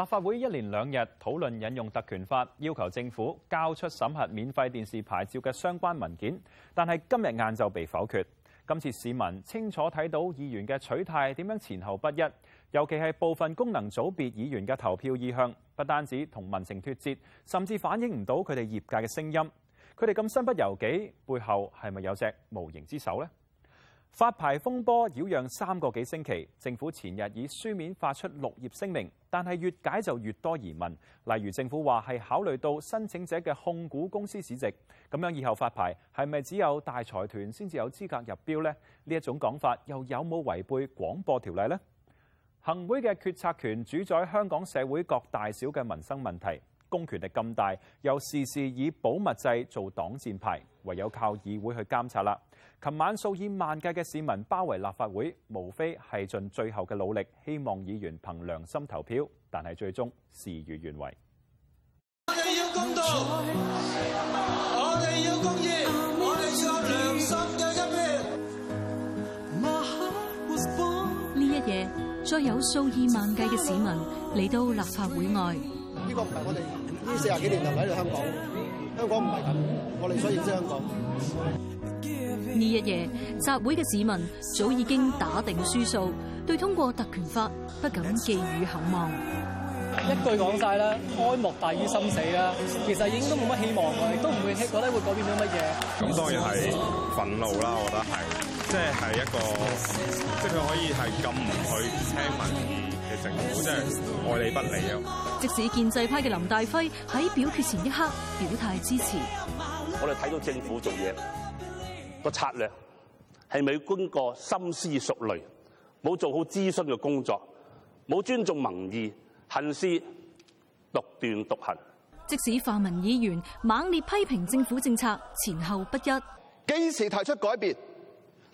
立法會一連兩日討論引用特權法，要求政府交出審核免費電視牌照嘅相關文件，但係今日晏晝被否決。今次市民清楚睇到議員嘅取態點樣前後不一，尤其係部分功能組別議員嘅投票意向，不單止同民情脱節，甚至反映唔到佢哋業界嘅聲音。佢哋咁身不由己，背後係咪有隻無形之手呢？發牌風波擾攘三個幾星期，政府前日以書面發出六頁聲明，但係越解就越多疑問。例如政府話係考慮到申請者嘅控股公司市值，咁樣以後發牌係咪只有大財團先至有資格入標呢？呢一種講法又有冇違背廣播條例呢？行會嘅決策權主宰香港社會各大小嘅民生問題。公權力咁大，又事事以保密制做擋箭牌，唯有靠議會去監察啦。琴晚數以萬計嘅市民包圍立法會，無非係盡最後嘅努力，希望議員憑良心投票，但係最終事與願違。呢一夜再有數以萬計嘅市民嚟到立法會外，呢個唔係我哋。呢四十幾年嚟喺度香港，香港唔係咁，我哋所以先香港。呢一夜集會嘅市民早已經打定輸數，對通過特權法不敢寄予厚望。一句講曬啦，哀莫大於心死啦，其實已經都冇乜希望，亦都唔會覺得會改變咗乜嘢。咁當然係憤怒啦，我覺得係，即係係一個，即係佢可以係咁唔去聽聞。政府真係愛理不理啊！即使建制派嘅林大輝喺表決前一刻表態支持，我哋睇到政府做嘢個策略係未經過深思熟慮，冇做好諮詢嘅工作，冇尊重民意，行事獨斷獨行。即使泛民議員猛烈批評政府政策前後不一，幾時提出改變？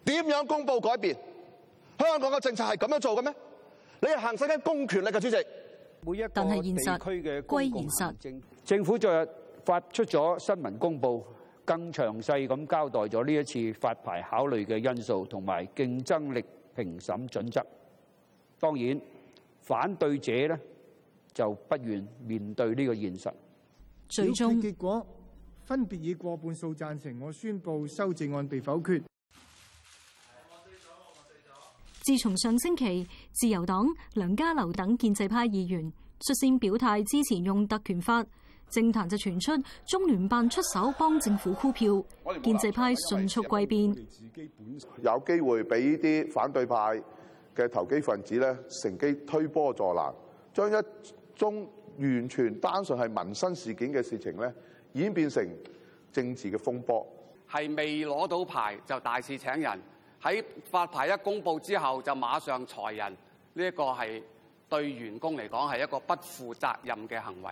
點樣公布改變？香港嘅政策係咁樣做嘅咩？你行使緊公權力嘅主席，每一區，但係現實歸現實。政府昨日發出咗新聞公佈，更詳細咁交代咗呢一次發牌考慮嘅因素同埋競爭力評審準則。當然，反對者咧就不願面對呢個現實。最終結果分別以過半數贊成，我宣布修正案被否決。自從上星期自由黨梁家騮等建制派議員率先表態支持用特權法，政壇就傳出中聯辦出手幫政府箍票，建制派迅速跪變。有機會俾啲反對派嘅投機分子咧，乘機推波助瀾，將一宗完全單純係民生事件嘅事情咧，演變成政治嘅風波。係未攞到牌就大肆請人。喺發牌一公佈之後，就馬上裁人，呢一個係對員工嚟講係一個不負責任嘅行為。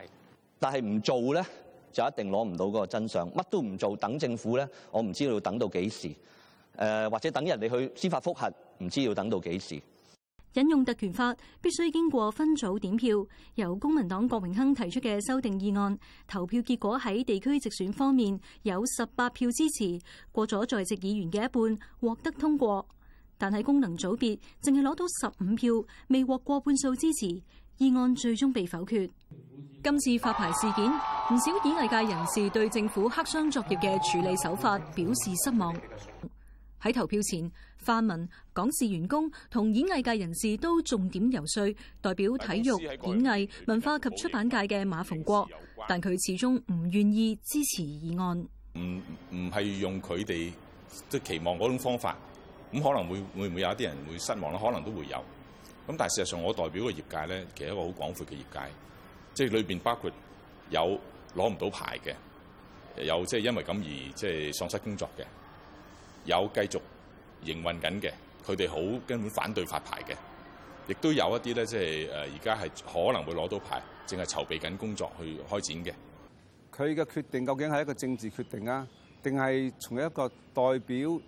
但係唔做呢，就一定攞唔到嗰個真相。乜都唔做，等政府呢，我唔知道要等到幾時。呃，或者等人哋去司法復核，唔知要等到幾時。引用《特權法》，必須經過分組點票。由公民黨郭榮鏗提出嘅修訂議案，投票結果喺地區直選方面有十八票支持，過咗在席議員嘅一半，獲得通過。但係功能組別淨係攞到十五票，未獲過半數支持，議案最終被否決。今次發牌事件，唔少演藝界人士對政府黑箱作業嘅處理手法表示失望。喺投票前，泛民、港視員工同演藝界人士都重點游説代表體育、演藝、文化及出版界嘅馬逢國，但佢始終唔願意支持議案。唔唔係用佢哋即係期望嗰種方法，咁可能會會唔會有一啲人會失望咧？可能都會有。咁但係事實上，我代表嘅業界咧，其實一個好廣闊嘅業界，即係裏邊包括有攞唔到牌嘅，有即係因為咁而即係喪失工作嘅。有繼續營運緊嘅，佢哋好根本反對發牌嘅，亦都有一啲咧，即係誒而家係可能會攞到牌，淨係籌備緊工作去開展嘅。佢嘅決定究竟係一個政治決定啊，定係從一個代表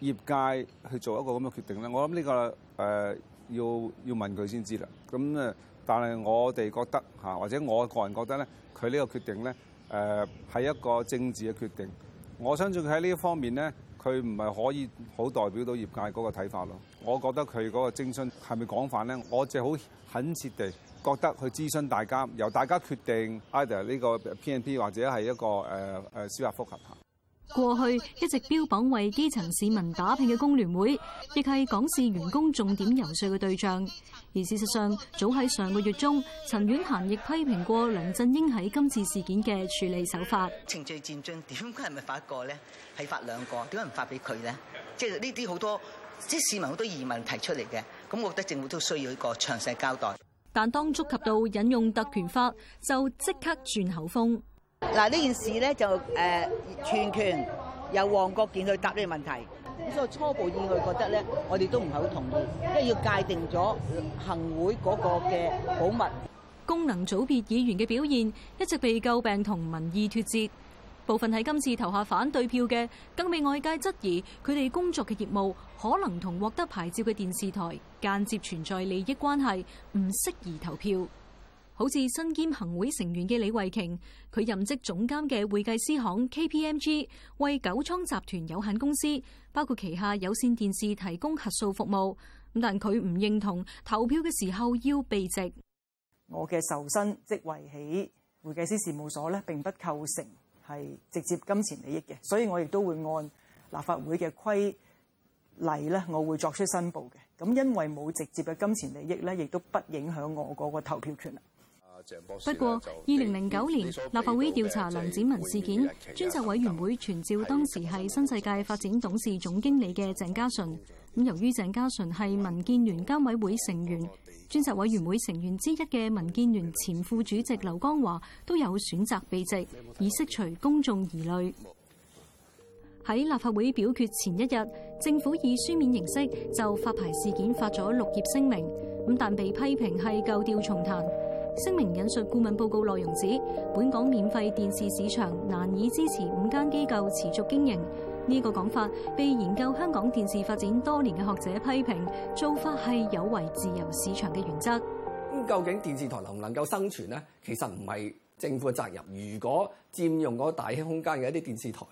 業界去做一個咁嘅決定咧？我諗呢、呢個誒、呃、要要問佢先知啦。咁咧，但係我哋覺得嚇，或者我個人覺得咧，佢呢個決定咧誒係一個政治嘅決定。我相信佢喺呢一方面咧。佢唔係可以好代表到業界嗰個睇法咯。我覺得佢嗰個徵詢係咪廣泛咧？我就好懇切地覺得去諮詢大家，由大家決定 idea 呢個 P and P 或者係一個誒誒消化復合過去一直標榜為「基層市民打拼」嘅工聯會，亦係港視員工重點游説嘅對象。而事實上，早喺上個月中，陳婉嫻亦批評過梁振英喺今次事件嘅處理手法。程序戰爭點解係咪發一個呢？係發兩個，點解唔發俾佢呢？即係呢啲好多啲、即係、市民好多疑問提出嚟嘅，咁我覺得政府都需要一個詳細交代。但當觸及到引用特權法，就即刻轉口風。嗱，呢件事咧就誒、呃，全權由黃國健去答呢個問題。咁所以初步以外覺得咧，我哋都唔係好同意，因為要界定咗行會嗰個嘅保密。功能組別議員嘅表現一直被詬病，同民意脫節，部分喺今次投下反對票嘅，更被外界質疑佢哋工作嘅業務可能同獲得牌照嘅電視台間接存在利益關係，唔適宜投票。好似身兼行會成員嘅李慧瓊，佢任職總監嘅會計師行 KPMG 為九倉集團有限公司，包括旗下有線電視提供核數服務。但佢唔認同投票嘅時候要避席。我嘅受薪職位喺會計師事務所咧，並不構成係直接金錢利益嘅，所以我亦都會按立法會嘅規例咧，我會作出申報嘅。咁因為冇直接嘅金錢利益咧，亦都不影響我嗰個投票權。不過，二零零九年立法會調查梁展文事件專責委員會傳召當時係新世界發展董事總經理嘅鄭家純。咁，由於鄭家純係民建聯監委會成員，專責委員會成員之一嘅民建聯前副主席劉江華都有選擇避席，以釋除公眾疑慮。喺立法會表決前一日，政府以書面形式就發牌事件發咗六頁聲明，咁但被批評係舊調重彈。聲明引述顧問報告內容指，本港免費電視市場難以支持五間機構持續經營。呢、這個講法被研究香港電視發展多年嘅學者批評，做法係有違自由市場嘅原則。咁究竟電視台能唔能夠生存呢？其實唔係政府嘅責任。如果佔用嗰個大氣空間嘅一啲電視台，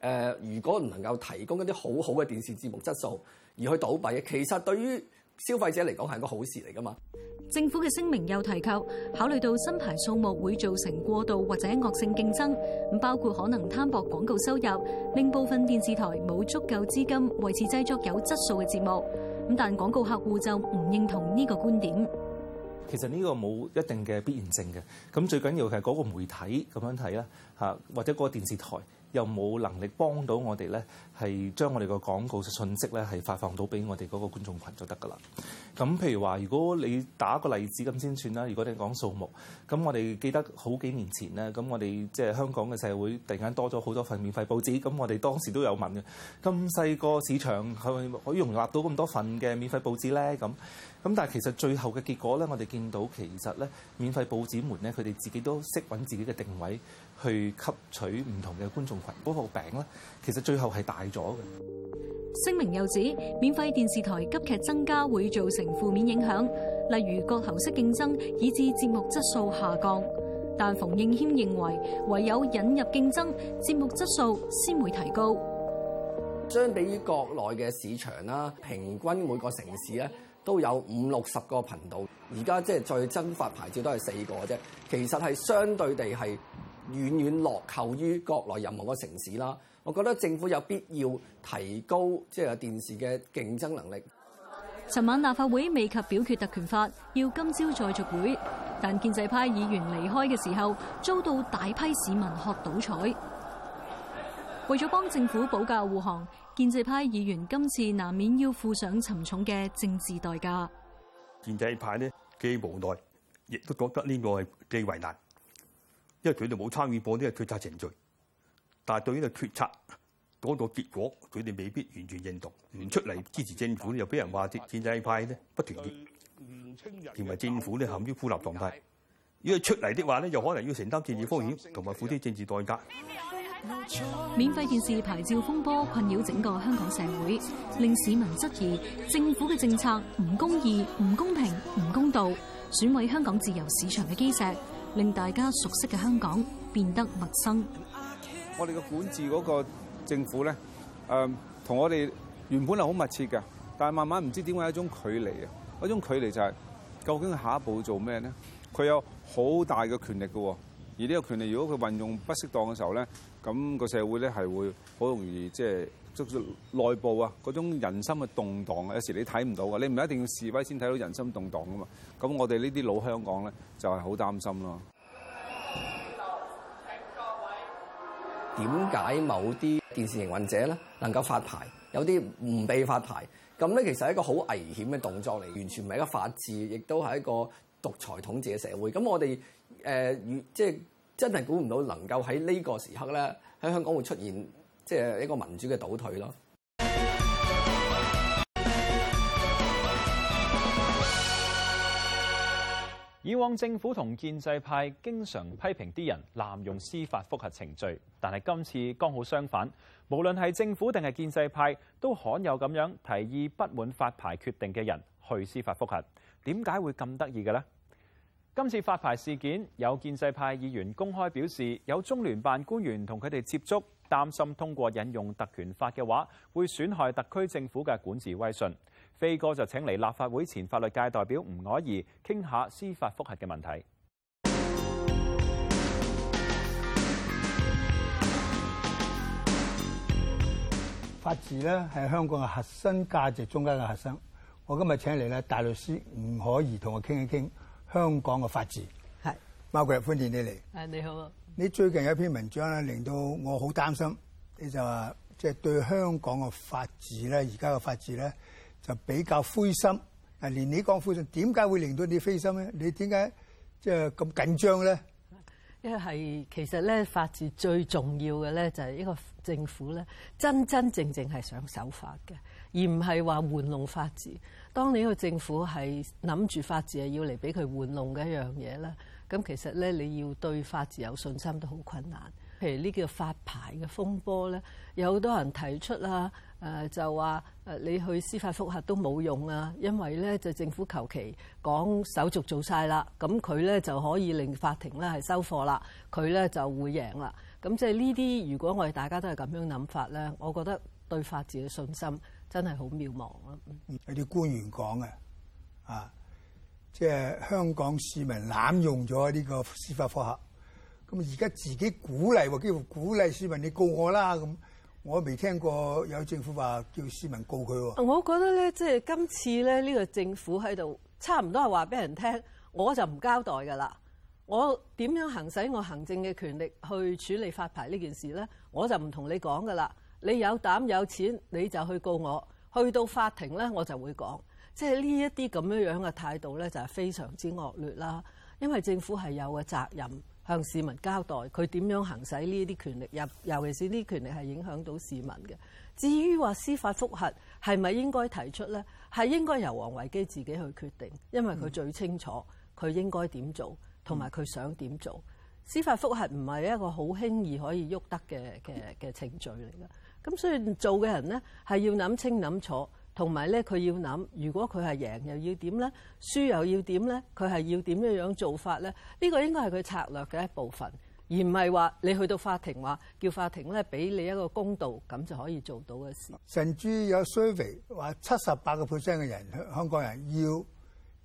呃、如果唔能夠提供一啲好好嘅電視節目質素，而去倒閉，其實對於消費者嚟講係個好事嚟㗎嘛，政府嘅聲明又提及考慮到新牌數目會造成過度或者惡性競爭，咁包括可能攤薄廣告收入，令部分電視台冇足夠資金維持製作有質素嘅節目。咁但廣告客戶就唔認同呢個觀點。其實呢個冇一定嘅必然性嘅，咁最緊要係嗰個媒體咁樣睇啦，吓，或者嗰個電視台。又冇能力幫到我哋呢，係將我哋個廣告信息呢，係發放到俾我哋嗰個觀眾群就得㗎啦。咁譬如話，如果你打個例子咁先算啦，如果你講數目，咁我哋記得好幾年前呢，咁我哋即係香港嘅社會突然間多咗好多份免費報紙，咁我哋當時都有問嘅，咁細個市場係咪可以容納到咁多份嘅免費報紙呢？」咁咁但係其實最後嘅結果呢，我哋見到其實呢，免費報紙們呢，佢哋自己都識揾自己嘅定位。去吸取唔同嘅觀眾群嗰個餅咧，其實最後係大咗嘅。聲明又指免費電視台急劇增加，會造成負面影響，例如各頭式競爭以致節目質素下降。但馮應謙認為唯有引入競爭，節目質素先會提高。相比於國內嘅市場啦，平均每個城市咧都有五六十個頻道，而家即係再增發牌照都係四個啫。其實，係相對地係。遠遠落後於國內任何個城市啦！我覺得政府有必要提高即係電視嘅競爭能力。尋晚立法會未及表決特權法，要今朝再續會。但建制派議員離開嘅時候，遭到大批市民喝倒彩。為咗幫政府保駕護航，建制派議員今次難免要付上沉重嘅政治代價。建制派呢既無奈，亦都覺得呢個係既為難。因為佢哋冇參與過呢個決策程序，但係對於個決策嗰個結果，佢哋未必完全認同。唔出嚟支持政府，又俾人話建制派咧不團結，同埋政府咧陷於孤立狀態。如果出嚟的話咧，又可能要承擔政治風險，同埋付啲政治代價。免費電視牌照風波困擾整個香港社會，令市民質疑政府嘅政策唔公義、唔公平、唔公道，損毀香港自由市場嘅基石。令大家熟悉嘅香港變得陌生。我哋嘅管治嗰個政府咧，誒、嗯、同我哋原本係好密切嘅，但係慢慢唔知點解一種距離啊，一種距離就係、是、究竟下一步做咩咧？佢有好大嘅權力嘅，而呢個權力如果佢運用不適當嘅時候咧，咁、那個社會咧係會好容易即係。就是就內部啊，嗰種人心嘅動盪啊，有時你睇唔到啊，你唔係一定要示威先睇到人心動盪啊嘛。咁我哋呢啲老香港咧，就係好擔心咯。點解某啲電視營運者咧能夠發牌，有啲唔被發牌？咁咧其實係一個好危險嘅動作嚟，完全唔係一個法治，亦都係一個獨裁統治嘅社會。咁我哋誒越即係真係估唔到能夠喺呢個時刻咧，喺香港會出現。即係一個民主嘅倒退咯。以往政府同建制派經常批評啲人濫用司法覆核程序，但係今次剛好相反。無論係政府定係建制派，都罕有咁樣提議不滿發牌決定嘅人去司法覆核。點解會咁得意嘅呢？今次發牌事件，有建制派議員公開表示有中聯辦官員同佢哋接觸。擔心通過引用特權法嘅話，會損害特區政府嘅管治威信。飛哥就請嚟立法會前法律界代表吳靄儀傾下司法複核嘅問題。法治咧係香港嘅核心價值中間嘅核心。我今日請嚟咧大律師吳靄儀同我傾一傾香港嘅法治，係是。Margaret 歡迎你嚟。誒，你好。你最近有一篇文章咧，令到我好擔心。你就話即係對香港嘅法治咧，而家嘅法治咧就比較灰心。啊，連你講灰心，點解會令到你灰心咧？你點解即係咁緊張咧？因為係其實咧，法治最重要嘅咧，就係一個政府咧，真真正正係想守法嘅，而唔係話玩弄法治。當你個政府係諗住法治係要嚟俾佢玩弄嘅一樣嘢咧。咁其實咧，你要對法治有信心都好困難。譬如呢個發牌嘅風波咧，有好多人提出啦、呃，就話你去司法覆核都冇用啦，因為咧就政府求其講手續做晒啦，咁佢咧就可以令法庭咧係收貨啦，佢咧就會贏啦。咁即係呢啲，如果我哋大家都係咁樣諗法咧，我覺得對法治嘅信心真係好渺茫啊、嗯！有啲官員講嘅啊。即係香港市民濫用咗呢個司法覆核，咁而家自己鼓勵喎，幾乎鼓勵市民你告我啦咁，我未聽過有政府話叫市民告佢喎。我覺得咧，即係今次咧，呢個政府喺度差唔多係話俾人聽，我就唔交代㗎啦。我點樣行使我行政嘅權力去處理發牌呢件事咧，我就唔同你講㗎啦。你有膽有錢你就去告我，去到法庭咧我就會講。即係呢一啲咁樣樣嘅態度咧，就係非常之惡劣啦。因為政府係有個責任向市民交代，佢點樣行使呢啲權力入，尤其是呢啲權力係影響到市民嘅。至於話司法復核係咪應該提出咧，係應該由王維基自己去決定，因為佢最清楚佢應該點做，同埋佢想點做。司法復核唔係一個好輕易可以喐得嘅嘅嘅程序嚟嘅。咁所以做嘅人咧，係要諗清諗楚。同埋咧，佢要諗，如果佢係贏，又要點咧？輸又要點咧？佢係要點樣樣做法咧？呢、呢個應該係佢策略嘅一部分，而唔係話你去到法庭話叫法庭咧俾你一個公道，咁就可以做到嘅事。甚至有 survey 話七十八個 percent 嘅人，香港人要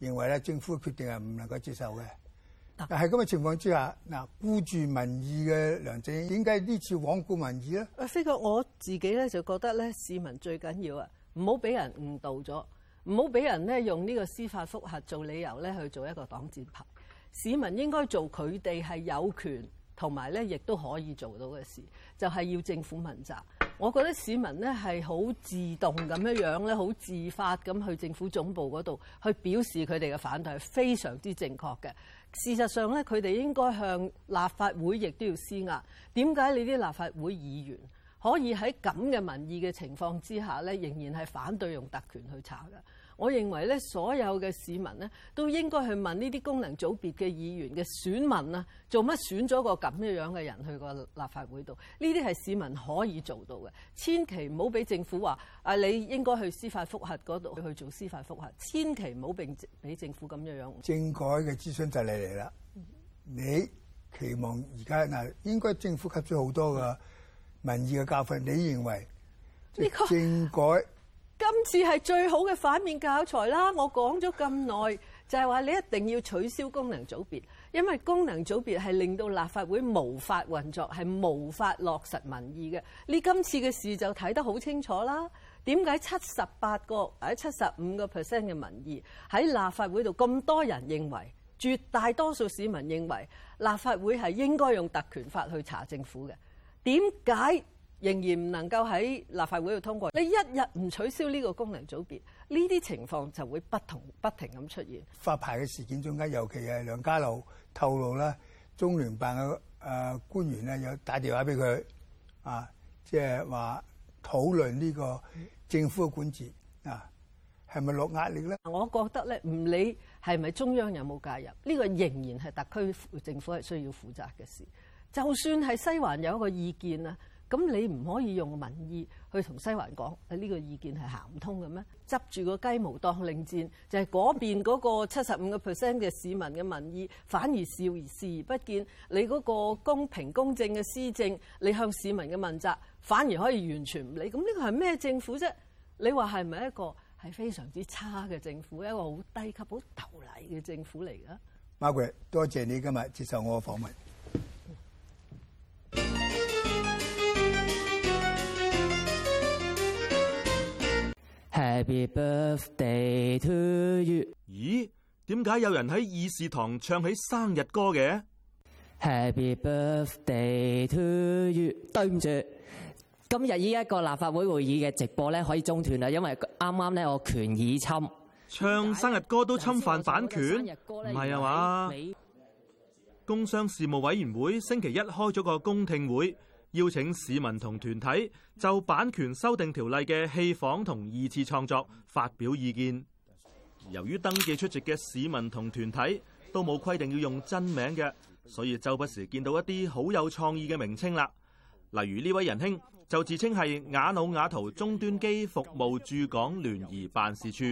認為咧政府嘅決定係唔能夠接受嘅。但係咁嘅情況之下，嗱顧住民意嘅梁振英點解呢次罔顧民意咧？啊，飛哥我自己咧就覺得咧市民最緊要啊！唔好俾人誤導咗，唔好俾人咧用呢個司法複核做理由咧去做一個擋箭牌。市民應該做佢哋係有權同埋咧，亦都可以做到嘅事，就係、是、要政府問責。我覺得市民咧係好自動咁樣樣咧，好自發咁去政府總部嗰度去表示佢哋嘅反對係非常之正確嘅。事實上咧，佢哋應該向立法會亦都要施壓。點解你啲立法會議員？可以喺咁嘅民意嘅情況之下咧，仍然係反對用特權去查㗎。我認為咧，所有嘅市民咧，都應該去問呢啲功能組別嘅議員嘅選民啊，做乜選咗個咁嘅樣嘅人去個立法會度？呢啲係市民可以做到嘅。千祈唔好俾政府話啊，你應該去司法覆核嗰度去做司法覆核。千祈唔好俾俾政府咁樣樣。政改嘅諮詢就你嚟啦，mm hmm. 你期望而家嗱，應該政府吸咗好多㗎。Mm hmm. 民意嘅教訓，你認為呢、呢個應該今次係最好嘅反面教材啦！我講咗咁耐，就係、是、話你一定要取消功能組別，因為功能組別係令到立法會無法運作，係無法落實民意嘅。你今次嘅事就睇得好清楚啦！點解七十八個誒七十五個 percent 嘅民意喺立法會度咁多人認為，絕大多數市民認為立法會係應該用特權法去查政府嘅？點解仍然唔能夠喺立法會度通過？你一日唔取消呢個功能組別，呢啲情況就會不同不停咁出現。發牌嘅事件中間，尤其係梁家騮透露啦，中聯辦嘅誒官員咧有打電話俾佢啊，即係話討論呢個政府嘅管治啊，係咪落壓力咧？我覺得咧，唔理係咪中央有冇介入，呢個仍然係特區政府係需要負責嘅事。就算係西環有一個意見啊，咁你唔可以用民意去同西環講，呢、這個意見係行唔通嘅咩？執住個雞毛當令箭，就係、是、嗰邊嗰個七十五個 percent 嘅市民嘅民意，反而笑而視而不見你嗰個公平公正嘅施政，你向市民嘅問責，反而可以完全唔理。咁呢個係咩政府啫？你話係咪一個係非常之差嘅政府，一個好低級好投嚟嘅政府嚟噶？Margaret，多謝你今日接受我嘅訪問。Happy Birthday to You 咦？點解有人喺議事堂唱起生日歌嘅？Happy birthday to you。對唔住，今日呢一個立法會會議嘅直播咧，可以中斷啦，因為啱啱咧我權已侵。唱生日歌都侵犯版權？唔係啊嘛？工商事務委員會星期一開咗個公聽會。邀請市民同團體就版權修訂條例嘅戲仿同二次創作發表意見。由於登記出席嘅市民同團體都冇規定要用真名嘅，所以周不時見到一啲好有創意嘅名稱啦，例如呢位仁兄。就自稱係瓦努瓦圖中端機服務駐港聯誼辦事處，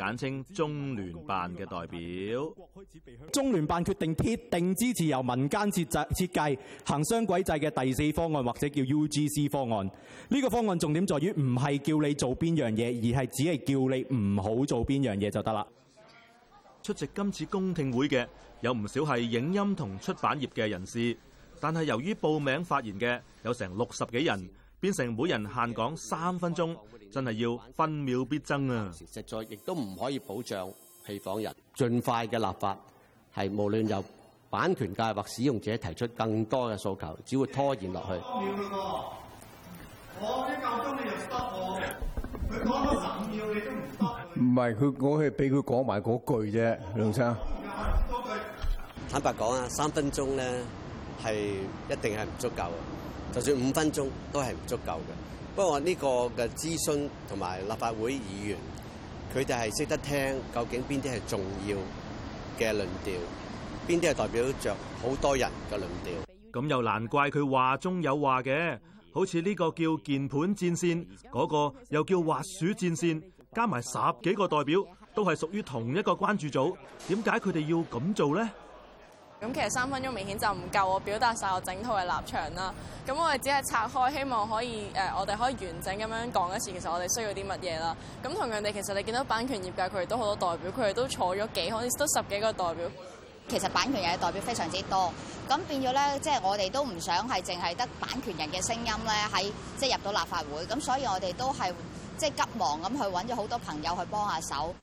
簡稱中聯辦嘅代表。中聯辦決定鐵定支持由民間設計設行商軌制嘅第四方案，或者叫 U G C 方案。呢個方案重點在於唔係叫你做邊樣嘢，而係只係叫你唔好做邊樣嘢就得啦。出席今次公聽會嘅有唔少係影音同出版業嘅人士，但係由於報名發言嘅有成六十幾人。變成每人限講三分鐘，真係要分秒必爭啊！實在亦都唔可以保障戲仿人盡快嘅立法，係無論由版權界或使用者提出更多嘅訴求，只會拖延落去。十五秒啦噃，我一夠鐘你又刪我嘅，佢講咗十五秒你都唔刪。唔係，佢我係俾佢講埋嗰句啫，梁生。坦白講啊，三分鐘咧係一定係唔足夠。就算五分鐘都係唔足夠嘅。不過呢個嘅諮詢同埋立法會議員，佢哋係識得聽究竟邊啲係重要嘅論調，邊啲係代表着好多人嘅論調。咁又難怪佢話中有話嘅，好似呢個叫鍵盤戰線，嗰個又叫滑鼠戰線，加埋十幾個代表都係屬於同一個關注組，點解佢哋要咁做咧？咁其實三分鐘明顯就唔夠我表達晒我整套嘅立場啦。咁我哋只係拆開，希望可以誒，我哋可以完整咁樣講一次，其實我哋需要啲乜嘢啦。咁同樣地，其實你見到版權業界佢哋都好多代表，佢哋都坐咗幾，好似都十幾個代表。其實版權人嘅代表非常之多。咁變咗咧，即係我哋都唔想係淨係得版權人嘅聲音咧，喺即係入到立法會。咁所以我哋都係即係急忙咁去揾咗好多朋友去幫下手。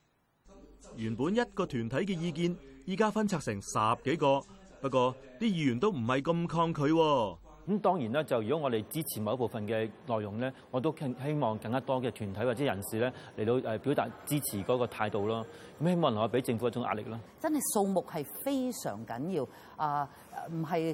原本一個團體嘅意見。依家分拆成十幾個，不過啲議員都唔係咁抗拒啊。咁當然啦，就如果我哋支持某一部分嘅內容咧，我都希希望更加多嘅團體或者人士咧嚟到誒表達支持嗰個態度咯。咁希望嚟可俾政府一種壓力啦。真係數目係非常緊要啊，唔係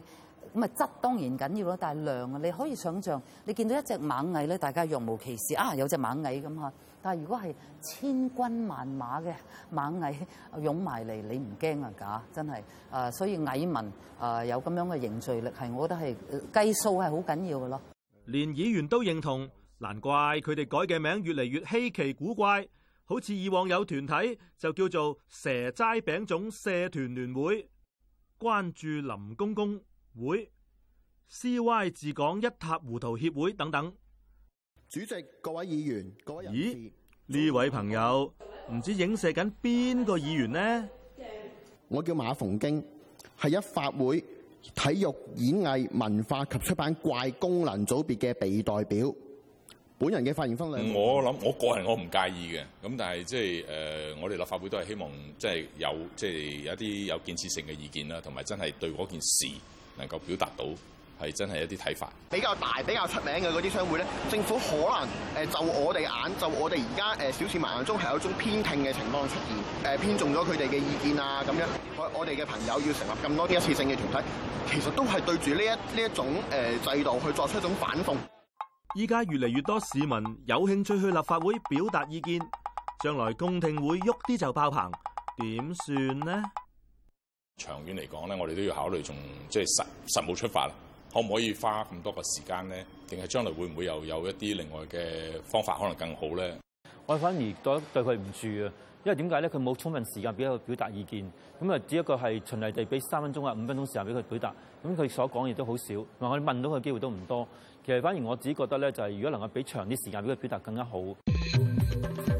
咁啊，質當然緊要啦，但係量啊，你可以想象，你見到一隻螞蟻咧，大家若無其事啊，有隻螞蟻咁啊。但如果係千軍萬馬嘅螞蟻湧埋嚟，你唔驚啊？假的真係，啊所以蟻民啊有咁樣嘅凝聚力，係我覺得係計數係好緊要嘅咯。連議員都認同，難怪佢哋改嘅名字越嚟越稀奇古怪，好似以往有團體就叫做蛇齋餅糭社團聯會、關注林公公會、CY 治港一塌糊塗協會等等。主席，各位議員，各位人士，咦，呢位，位朋友唔知影射緊邊個議員呢？我叫馬逢國，係立法會體育演藝文化及出版界功能組別嘅被代表。本人嘅發言分兩。我諗，我個人我唔介意嘅，咁但係即係誒，我哋立法會都係希望即係有即係有一啲有建設性嘅意見啦，同埋真係對嗰件事能夠表達到。係真係一啲睇法，比較大、比較出名嘅嗰啲商會咧，政府可能誒就我哋眼，就我哋而家誒小市民眼中係有一種偏聽嘅情況出現，誒偏重咗佢哋嘅意見啊咁樣。我我哋嘅朋友要成立咁多啲一次性嘅團體，其實都係對住呢一呢一種誒制度去作出一種反諷。依家越嚟越多市民有興趣去立法會表達意見，將來公聽會喐啲就爆棚，點算呢？長遠嚟講咧，我哋都要考慮從即係實實務出發啦。可唔可以花咁多嘅時間咧？定係將來會唔會又有一啲另外嘅方法可能更好咧？我反而對對佢唔住啊！因為點解咧？佢冇充分時間俾佢表達意見，咁啊只不過係循例地俾三分鐘啊、五分鐘時間俾佢表達，咁佢所講亦都好少，同埋我哋問到佢機會都唔多。其實反而我自己覺得咧，就係、是、如果能夠俾長啲時間俾佢表達，更加好。嗯